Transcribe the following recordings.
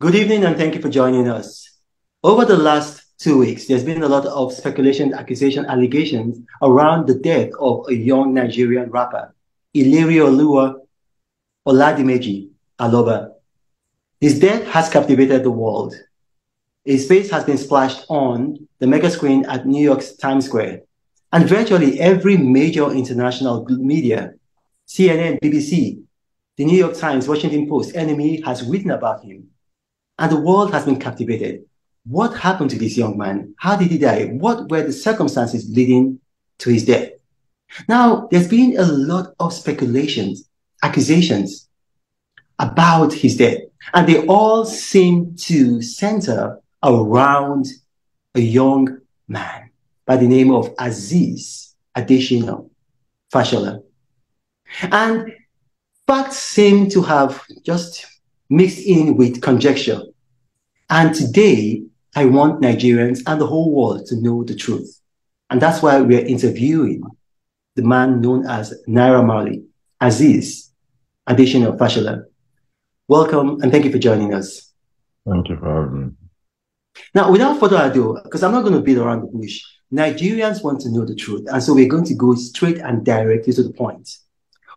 Good evening, and thank you for joining us. Over the last two weeks, there's been a lot of speculation, accusation, allegations around the death of a young Nigerian rapper, Iliri Olua Oladimeji Aloba. His death has captivated the world. His face has been splashed on the mega screen at New York's Times Square and virtually every major international media, CNN, BBC, the New York Times, Washington Post, enemy has written about him and the world has been captivated. What happened to this young man? How did he die? What were the circumstances leading to his death? Now, there's been a lot of speculations, accusations about his death, and they all seem to center around a young man by the name of Aziz Adeshino Fashola. And facts seem to have just mixed in with conjecture. And today, I want Nigerians and the whole world to know the truth. And that's why we're interviewing the man known as Naira Marley, Aziz Additional Fashola. Welcome and thank you for joining us. Thank you for having me. Now, without further ado, because I'm not going to beat around the bush, Nigerians want to know the truth. And so we're going to go straight and directly to the point.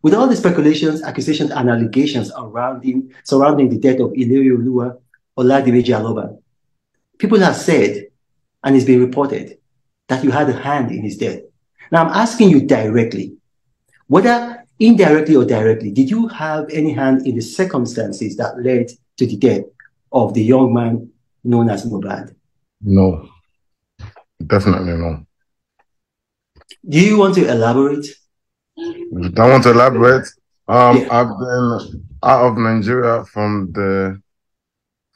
With all the speculations, accusations, and allegations surrounding, surrounding the death of Ileri Olua, Oladive Jaloba. People have said, and it's been reported, that you had a hand in his death. Now I'm asking you directly, whether indirectly or directly, did you have any hand in the circumstances that led to the death of the young man known as Mubad? No, definitely no. Do you want to elaborate? I want to elaborate. Um, yeah. I've been out of Nigeria from the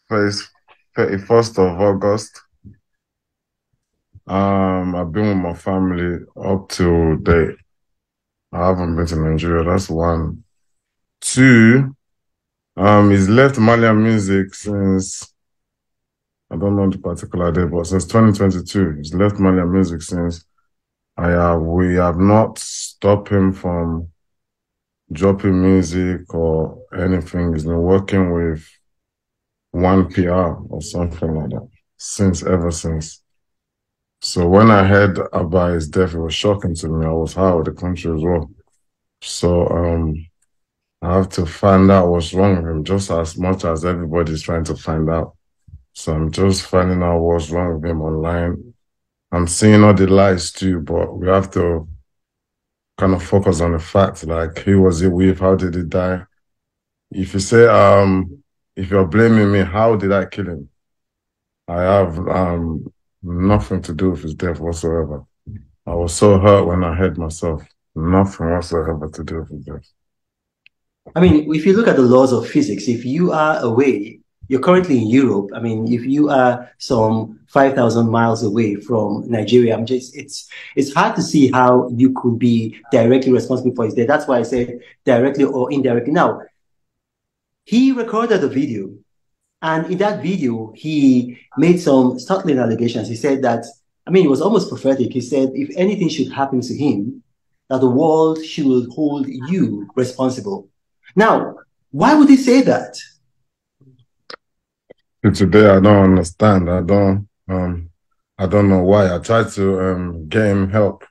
first, 31st of August. Um, I've been with my family up to date. I haven't been to Nigeria. That's one. Two, um, he's left Malian music since I don't know the particular day, but since 2022, he's left Malian music since I have, we have not stopped him from dropping music or anything. He's been working with one PR or something like that since ever since. So when I heard about his death, it was shocking to me. I was high with the country as well. So um, I have to find out what's wrong with him, just as much as everybody's trying to find out. So I'm just finding out what's wrong with him online. I'm seeing all the lies too, but we have to kind of focus on the facts, like who was it with, how did he die? If you say um if you're blaming me, how did I kill him? I have um, nothing to do with his death whatsoever. I was so hurt when I hurt myself. Nothing whatsoever to do with his death. I mean, if you look at the laws of physics, if you are away, you're currently in Europe. I mean, if you are some 5,000 miles away from Nigeria, I'm just, it's, it's hard to see how you could be directly responsible for his death. That's why I said directly or indirectly. Now, he recorded a video and in that video he made some startling allegations he said that i mean it was almost prophetic he said if anything should happen to him that the world should hold you responsible now why would he say that today i don't understand i don't um i don't know why i tried to um get him help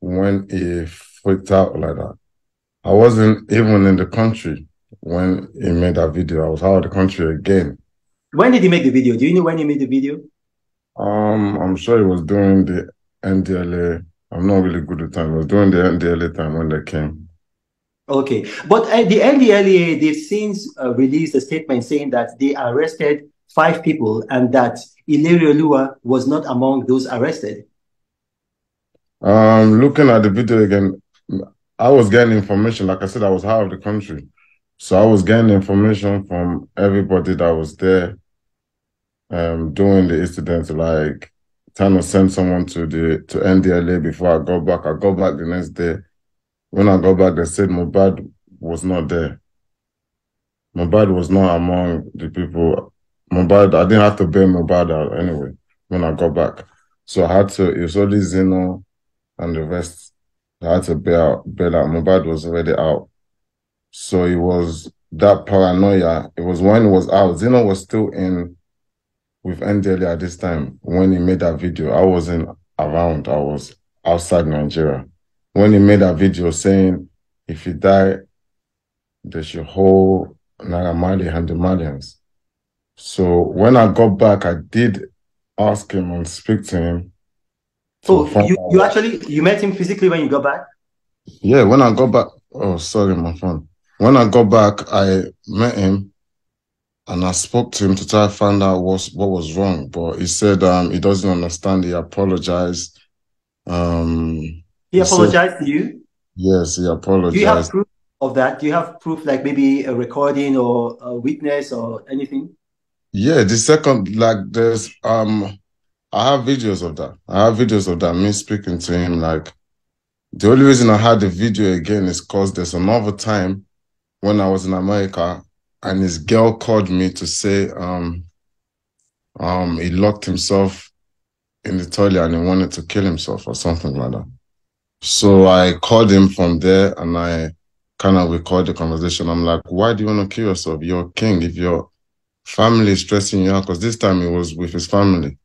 when he freaked out like that i wasn't even in the country when he made that video. I was out of the country again. When did he make the video? Do you know when he made the video? Um, I'm sure he was during the NDLA. I'm not really good with time. It was during the NDLA time when they came. Okay, but at uh, the NDLA they've since uh, released a statement saying that they arrested five people and that Ilario Lua was not among those arrested. Um, looking at the video again, I was getting information. Like I said, I was out of the country. So I was getting information from everybody that was there um, during the incident, like trying to send someone to the to NDLA before I go back. I go back the next day. When I go back, they said Mubad was not there. Mubad was not among the people. Mubad, I didn't have to bail Mubad out uh, anyway when I got back. So I had to, it was only Zeno and the rest. I had to bail out, bail out. Mubad was already out. So it was that paranoia. It was when it was out. Zeno was still in with NDLA at this time when he made that video. I wasn't around. I was outside Nigeria. When he made that video saying if you die, they should hold Nagamali and the Malians. So when I got back, I did ask him and speak to him. So oh, you, you actually you met him physically when you got back? Yeah, when I got back. Oh, sorry, my phone. When I got back, I met him and I spoke to him to try to find out what, what was wrong. But he said um, he doesn't understand. He apologized. Um, he apologized to you? Yes, he apologized. Do you have proof of that? Do you have proof, like maybe a recording or a witness or anything? Yeah, the second, like, there's, um, I have videos of that. I have videos of that, me speaking to him. Like, the only reason I had the video again is because there's another time when I was in America, and his girl called me to say um, um, he locked himself in the toilet and he wanted to kill himself or something like that. So I called him from there and I kind of recorded the conversation. I'm like, why do you want to kill yourself? You're king. If your family is stressing you out, because this time he was with his family.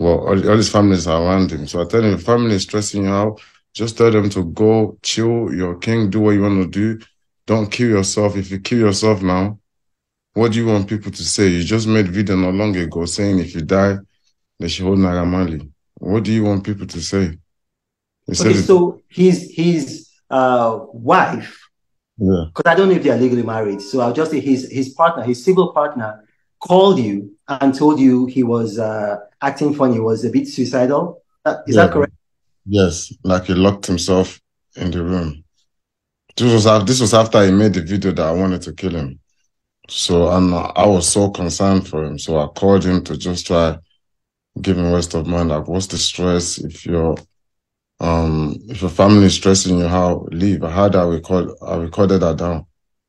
Well, all, all his families are around him. So I tell him, if family is stressing you out, just tell them to go chill, Your king, do what you want to do don't kill yourself. If you kill yourself now, what do you want people to say? You just made video not long ago saying if you die, they should hold Nagamali. What do you want people to say? okay, so his his uh, wife, because yeah. I don't know if they are legally married, so I'll just say his his partner, his civil partner, called you and told you he was uh, acting funny, was a bit suicidal. Uh, is yeah. that correct? Yes, like he locked himself in the room. This was after, this was after he made the video that I wanted to kill him. So and I was so concerned for him. So I called him to just try give him rest of mind. Like, what's the stress if you're um if your family is stressing you how leave i had that record i recorded that down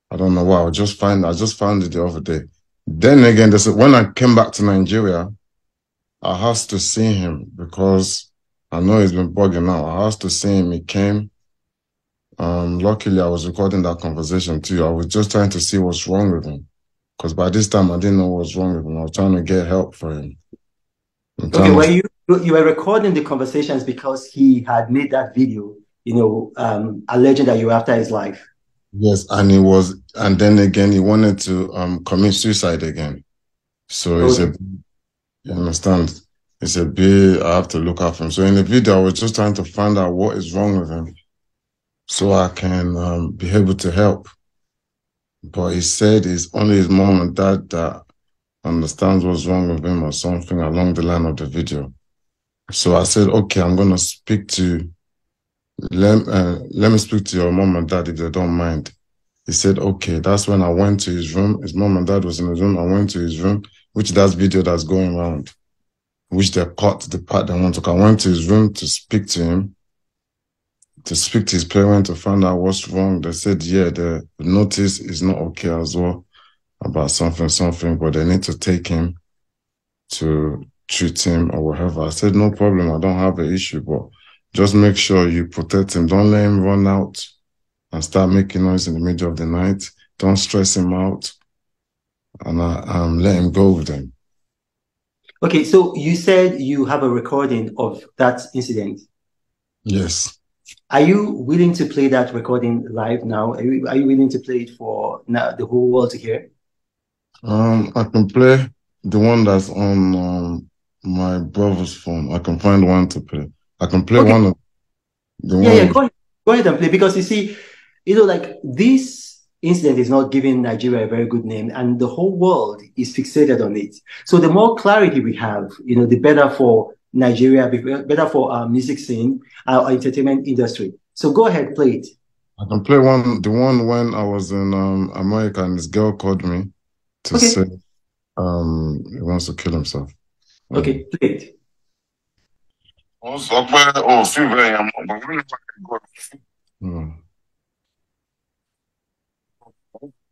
i don't know why i just find i just found it the other day then again this when i came back to nigeria i have to see him because i know he's been bugging out i have to see him he came um, luckily, I was recording that conversation too. I was just trying to see what's wrong with him. Because by this time, I didn't know what was wrong with him. I was trying to get help for him. Okay, well, you, you were recording the conversations because he had made that video, you know, um, alleging that you were after his life. Yes, and he was, and then again, he wanted to um, commit suicide again. So it's a, you understand? It's a bit, I have to look after him. So in the video, I was just trying to find out what is wrong with him so I can um, be able to help. But he said it's only his mom and dad that understands what's wrong with him or something along the line of the video. So I said, okay, I'm gonna speak to let uh, let me speak to your mom and dad if they don't mind. He said, okay. That's when I went to his room. His mom and dad was in his room. I went to his room, which that's video that's going around, which they cut the part they want to. I went to his room to speak to him to speak to his parents to find out what's wrong. They said, yeah, the notice is not okay as well about something, something, but they need to take him to treat him or whatever. I said, no problem. I don't have an issue, but just make sure you protect him. Don't let him run out and start making noise in the middle of the night. Don't stress him out and I, uh, um, let him go with them. Okay, so you said you have a recording of that incident. Yes. Are you willing to play that recording live now? Are you, are you willing to play it for now, the whole world to hear? Um, I can play the one that's on um, my brother's phone. I can find one to play. I can play okay. one of the yeah, one. Yeah, go ahead, go ahead and play because you see, you know, like this incident is not giving Nigeria a very good name, and the whole world is fixated on it. So the more clarity we have, you know, the better for Nigeria, better for our uh, music scene, our uh, entertainment industry. So go ahead, play it. I can play one, the one when I was in um, America and this girl called me to okay. say um, he wants to kill himself. Um, okay, play it. sọ hmm.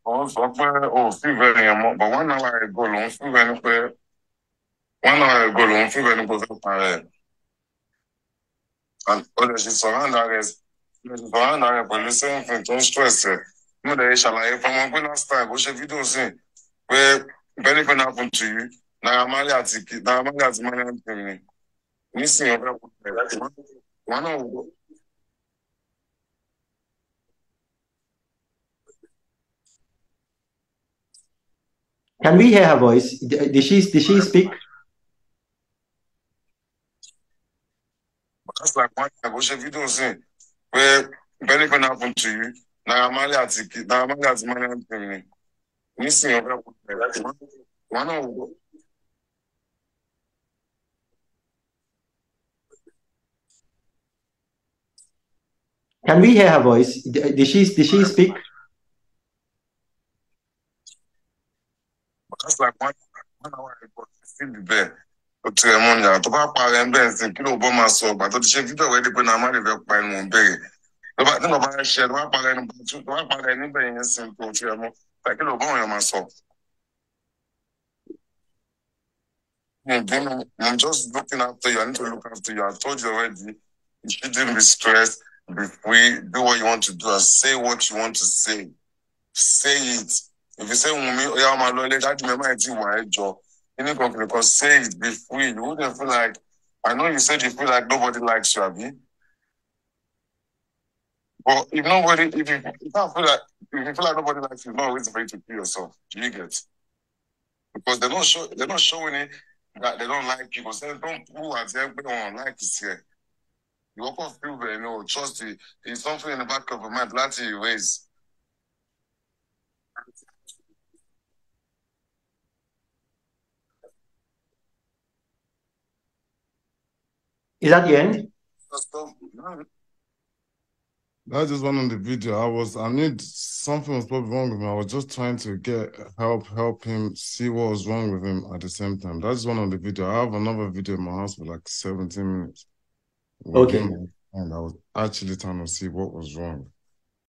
sọ one hour ago lòun fún ìbẹ̀ni kò fẹ́ pa rẹ̀ ó lè ṣe sọ̀rọ̀ àǹdà rẹ̀ lè ṣe sọ̀rọ̀ àǹdà rẹ̀ pẹ̀lú sẹ́yìn tó ń stress ẹ̀ mo lè ṣàlàyé fọmọ pé last time ó ṣe fídíò sí pé bẹ́ẹ̀ni pé náà fún tùyú Naira Marley àti Naira Marley àti Mariam Tim ni nísìnyí ọ̀fẹ́ kò tẹ̀ láti wọn náà wò ó. Can we hear her voice? Did she, did she speak? just like one guy bó ṣe fídíò sí pé if anything happen to you Naira Marley àti Naira Marley àti Marley and Kim ni nísìnyí ọ̀fẹ́ wọ ẹ̀ láti wọn náà wọ. Can we hear her voice? Did she did she speak? Just like one, one hour ago, she still be there ó ti rẹ̀ mọ́ mi bá parẹ́ ń bẹ́ẹ̀ sí kí ló bọ́ máa sọ ọgbà tó ti ṣe fídíò rẹ̀ dípẹ́ náà má lè fẹ́ pa ẹnu bẹ̀rẹ̀ tí bàbá rẹ̀ ṣe tó tó bá parẹ́ níbẹ̀ yẹn sí kí o ti rẹ̀ mọ́ kí ló bọ́ òyìn máa sọ. I'm just looking after you. I need to look after you. I told you already. You shouldn't be stressed. Be free. Do what you want to do and say what you want to say. Say it. If you say, "Mummy, Wunmi, Oya, my lawyer, that remember, I did what I any company because say it be free. You wouldn't feel like I know you said you feel like nobody likes you, Abby. But if nobody, if you, if you feel like if you feel like nobody likes you, no reason for you to kill yourself. Do you get? Because they're not show, they're not showing it that they don't like you. Because they don't pull at everyone like this here. You often feel very know trust. It's something in the back of your mind. Láti erase. Is that the end? That's just one on the video. I was, I need something was probably wrong with him. I was just trying to get help, help him see what was wrong with him at the same time. That's one on the video. I have another video in my house for like 17 minutes. Okay. And I was actually trying to see what was wrong.